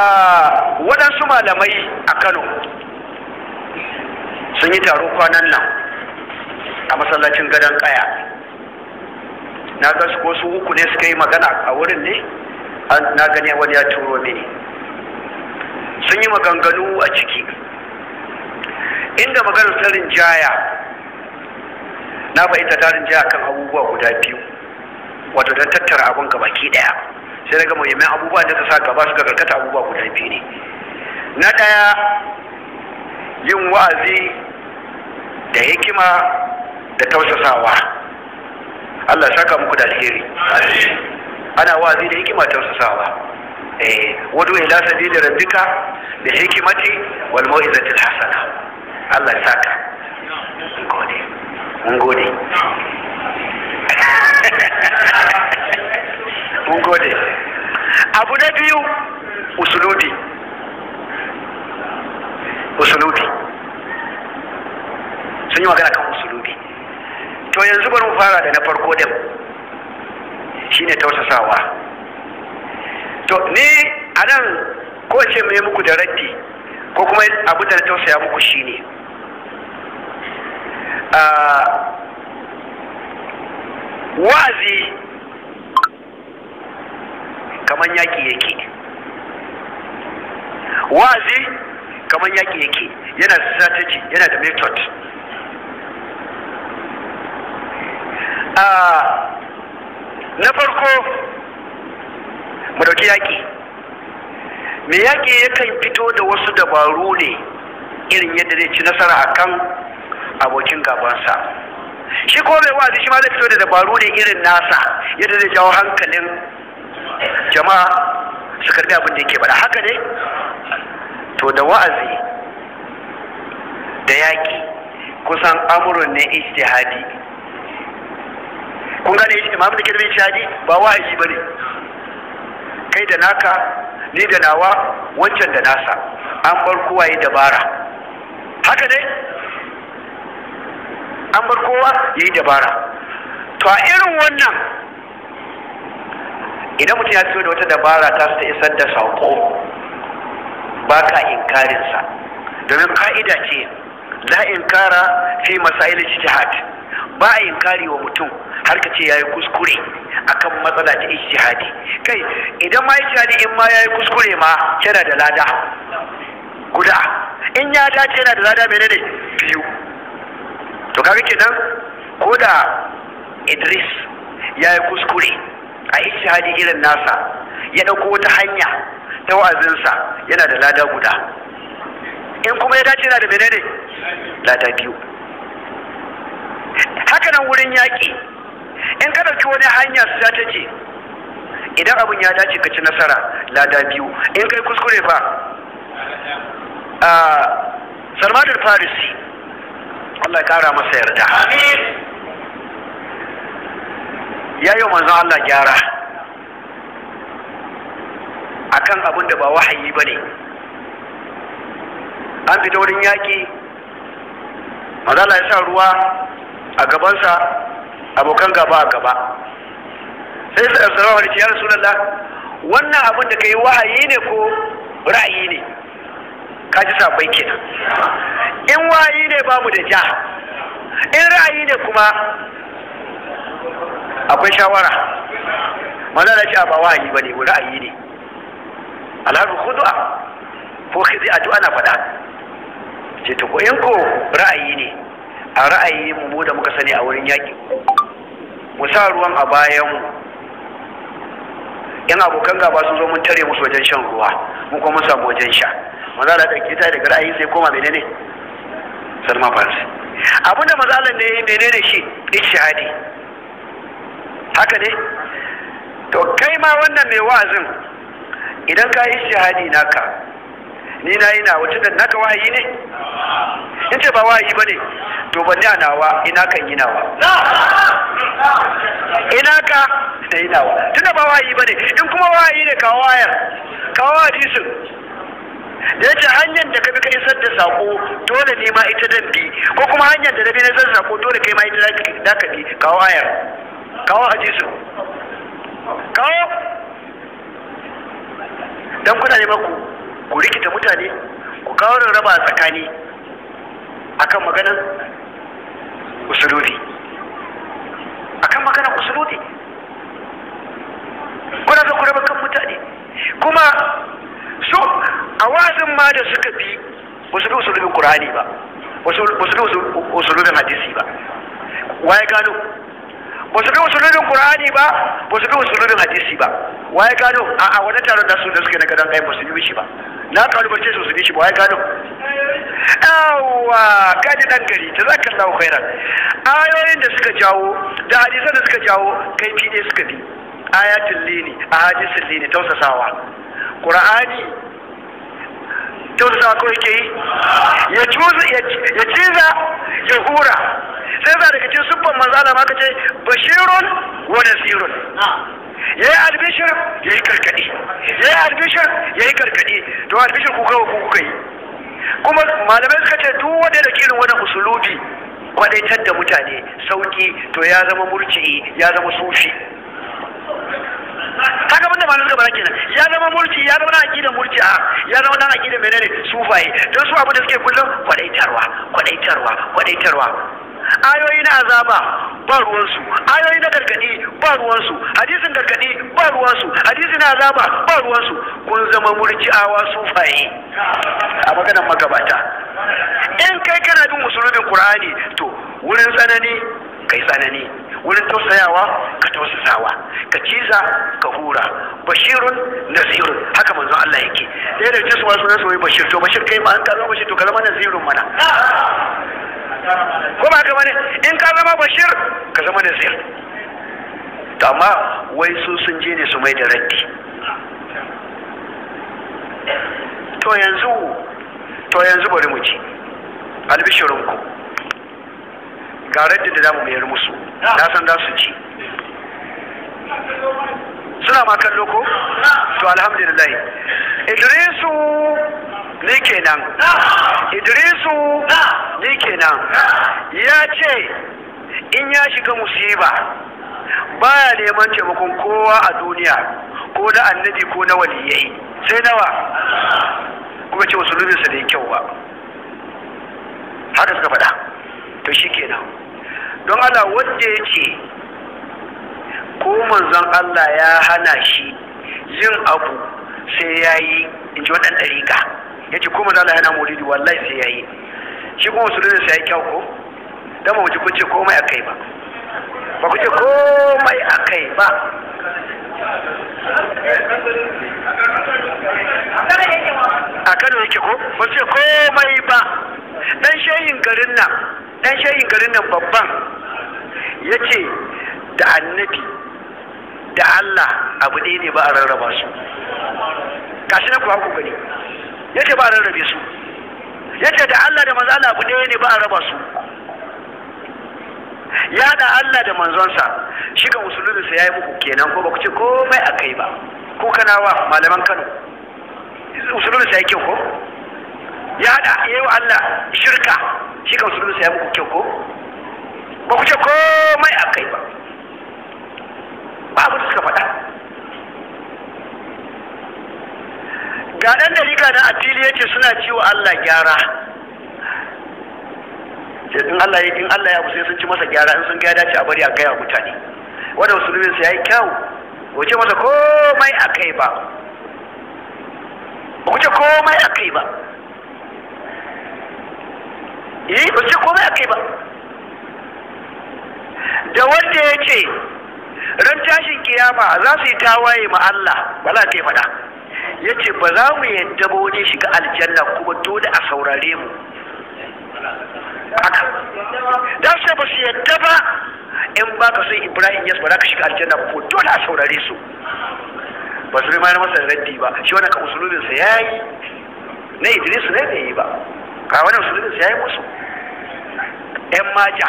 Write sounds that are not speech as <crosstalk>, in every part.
a waɗansu malamai a kano sun yi taro kwanan nan a masallacin gadon ƙaya na ga su uku ne suka yi magana a wurin ne na gani wani ya turo mini sun yi maganganu a ciki inda maganar tarin jaya na ta tarin jaya kan abubuwa guda biyu wato don tattara abin gabaki ɗaya sai daga muhimman abubuwa da ta sa gaba suka karkata abubuwa guda biyu ne na ɗaya yin wa'azi da hikima da tausasawa Allah saka muku da alheri ana wa'azi da hikima da tausasawa eh wadu ila sabili rabbika bi hikmati wal mau'izati hasana Allah saka gode mun gode <laughs> mun gode abu na biyu usulubi usulubi sun yi magana kan usulubi to yanzu bari mu fara da na farko din shine tausasawa to ni a nan ko ce mai muku da raddi ko kuma abu da na tausaya muku shine ah, wa'azi kaman yaƙi yake wa'azi kaman yaƙi yake yana da strategy yana da method ah, na farko mu ɗauki yaƙi mai yaƙi yakan fito da wasu dabaru ne irin yadda zai ci nasara akan abokin gabansa shi ko mai wa'azi shi ma zai fito da dabaru ne irin nasa yadda zai jawo hankalin jama'a su karbi abin da yake bada haka ne to da wa'azi da yaƙi kusan amurin ne ijtihadi kun gane imam da kirmi ijtihadi ba wa'azi bane kai da naka ni da nawa wancan da nasa an bar kowa ya dabara haka ne an bar kowa ya yi dabara to a irin wannan idan mutum ya fito da wata dabara ta su ta isar da saƙo ba ka inkarinsa domin ka'ida ce la inkara fi masail ijtihad ba a inkari wa mutum har ka ce yayi kuskure akan matsala ta ijtihadi kai idan ma ijtihadi in ma yayi kuskure ma yana da lada guda in ya dace yana da lada menene biyu to kaga kenan ko da Idris ya yi kuskure a ijtihadi irin nasa ya ɗauko wata hanya ta wa'azinsa yana da lada guda in kuma ya dace na da menene lada biyu haka nan wurin yaƙi in ka ɗauki wani hanya su ta ce idan abin ya dace ka ci nasara lada biyu in kai kuskure fa a ah, salman farisi Allah ya kara masa yarda ya yi wa manzon Allah gyara A kan abin da ba wahayi ba ne an fita wurin yaƙi mazala ya sa ruwa a gabansa abokan gaba a gaba sai su ɗansarar harci ya rasu wannan abin da ka yi wahayi ne ko ra'ayi ne ka ji safai kenan in wahayi ne ba mu da ja in ra'ayi ne kuma akwai shawara maza da cewa ba wahayi ba ne ra'ayi ne ko khudu'a ko khizi a ana faɗa ce ta in ko ra'ayi ne a ra'ayi mu da muka sani a wurin yaƙi mu sa ruwan a bayan yan abokan gaba sun zo mun tare musu wajen shan ruwa mu kuma mun samu wajen sha maza da ɗauki ta daga ra'ayi sai koma menene ne. farsi abinda ne Allah ne menene shi ishadi haka ne to kai ma wannan mai wa'azin idan ka yi shahadi naka ni na yi nawa tunda naka wahayi ne in ce ba wahayi ba ne to ban da nawa ina kan yi nawa ina ka da yi nawa tunda ba wahayi ba ne in kuma wahayi ne kawo wayar kawo hadisin da yace hanyar da ka bi ka isar da sako dole ne ma ita dan bi ko kuma hanyar da na bi na zan sako dole kai ma ita da ka bi kawo wayar kawo hadisin kawo dan kuna neman ku ku rikita mutane ku kawo raba tsakani akan maganar usuludi akan maganar usuludi kuna so ku raba kan mutane kuma so a wazin ma da suka bi wasu bi usulubin ba wasu bi usulubin hadisi ba waye gano ba su bi musulmin qur'ani ba ba su bi musulmin hadisi ba waye gano a a wani taron da su da suke na gadan kai ba su bi shi ba na ce su su bi shi ba waye gano yawa kaji dan gari ta zaka Allah khairan ayoyin da suka jawo da hadisan da suka jawo kai fi ne suka bi ayatul lini ahadisul lini tausasawa qur'ani tausasawa ko yake yi ya ciza ya hura sai za daga cikin sufan manzo Allah ma kace bashirun wa nasirun ah. ya yi albishir ya yi karkaɗe ya yi albishir ya yi karkaɗe to albishir ku kawo ku kuka yi kuma malamai suka ce duk wanda da kirin wani usulubi kwadaitar da mutane sauki to ya zama murci ya zama sufi haka abinda ma suka bara kenan ya zama murci, ya zama na aqidar murci, a ya zama na aqidar menene sufaye don su abu da suke kullum kwadaitarwa kwadaitarwa kwadaitarwa ayoyi na azaba ba ruwansu ayoyi na gargadi ba ruwansu hadisin gargadi ba ruwansu hadisi na azaba ba ruwansu kun zama murji'awa sufaye a maganar magabata in kai kana bin musulmin qur'ani to wurin tsanani kai tsanani wurin tausayawa ka tausasawa ka ciza ka hura bashirun nazirun haka manzon Allah yake da yadda ce sunan soyayya bashir to bashir kai ma an karo bashir to ka zama nazirun mana ko ba ka bane in ka zama bashir ka zama nazir to amma wai su sun je ne su mai da raddi to yanzu to yanzu bari mu ci albishirinku ga raddi da zamu mayar musu na san za su ci suna ma kallo ko to alhamdulillah idrisu ni kenan idrisu ni kenan ya ce in ya shiga musiba baya neman taimakon kowa a duniya ko na annabi ko na waliyai sai nawa kuma ce wasu lubinsa da ya kyau ba haka suka faɗa to shi kenan don Allah wanda ya ce ko manzon Allah ya hana shi yin abu sai ya yi in ji waɗanda riga yace ko da Allah yana maulidi wallahi sai yayi shi kuma da sai yayi kyau ko dan ba mu ji kun ce komai akai ba ba ku ce komai akai ba a kano yake ko ba ce komai ba dan shayin garin nan dan shehin garin nan babban yace da annabi da Allah abu ɗaya ne ba a rarraba su kashi na kuwa ku gani yace ba rarrabe su yace da Allah da manzo Allah bude ne ba a raba su ya da Allah da manzonsa shi ga musulmi sai yayi muku kenan ko ba ku ce komai akai ba ko wa malaman Kano musulmi sai yake ko ya da yayi Allah shirka shi ga musulmi sai yayi muku kyau ko ba ku ce komai akai ba ga ɗan dalika na afili fili yace suna ciwo Allah gyara in Allah in Allah ya kusa sun ci masa gyara in sun ga dace a bari a gaya mutane wanda musulmin ya yayi kyau ce masa komai akai ba ko ce komai akai ba eh ba ce komai akai ba da wanda ya ce ran tashin kiyama za su yi tawaye ma Allah ba za ta yi faɗa ya ce ba za mu yadda ba wani shiga aljanna kuma dole a saurare mu haka da sai ba su yadda ba in ba ka sai ibrahim yas ba za ka shiga aljanna ko dole a saurare su ba su rimani masa raddi ba shi wani ka usulubinsa ya yi na idris ne bai yi ba ka wani usulubinsa ya yi musu yan maja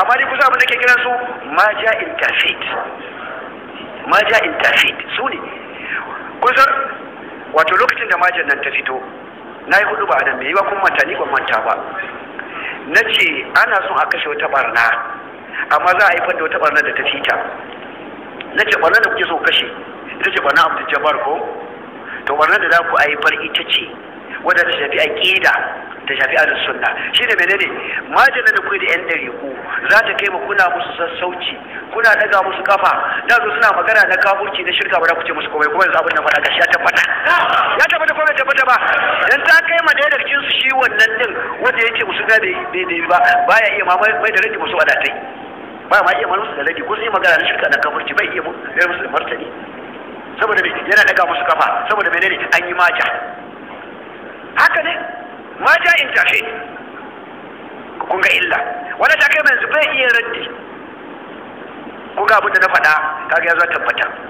amma ni kusa abin da ke kiran su maja interfit maja interfit su ne kusan wato lokacin da majin nan ta fito na yi hudu ba nan mai yiwa kuma manta ni ban manta ba na ce ana son a kashe wata barna amma za a haifar da wata barna da ta fita na ce barna da kuke so kashe ita ce barna da jabar ko to barna da za ku haifar ita ce wadda ta shafi a keda, ta shafi a ahlus sunna da menene majin da kuke da yan dare? za ta kai mu kuna musu sassauci kuna daga musu kafa da su suna magana na kafurci na shirka ba da kuce musu komai kuma yanzu abin da faɗa gashi ya tabbata ya tabbata ko bai tabbata ba dan ta kai ma daya daga su shi wannan din wanda yake musu ga bai bai ba baya iya ma mai da rage musu wadatai ba ma iya musu da rage ko sai magana na shirka na kafurci bai iya musu da martani saboda me yana daga musu kafa saboda menene an yi maja haka ne maja in tafe kun ga illa wani da kai mai bai iya raddi ko ga abin da na faɗa kaga ya zo tabbata